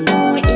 Ooh.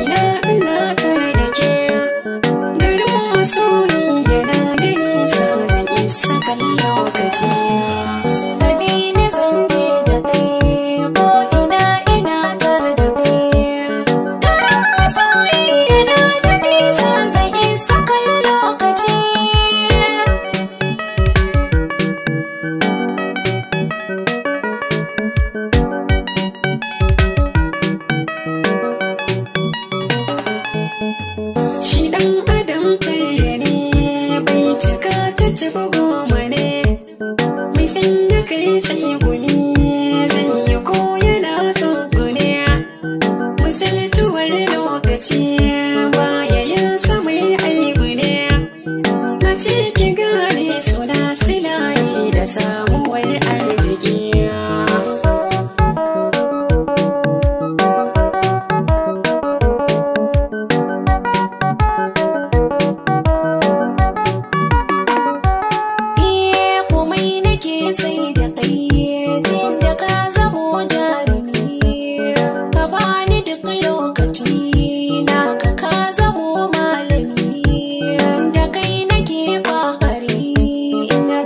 misaltuwar lokaci baya yin sama yi aiki ne na ce ki gane suna silaye da samuwar arziki Sai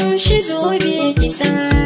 amshi zobe kisa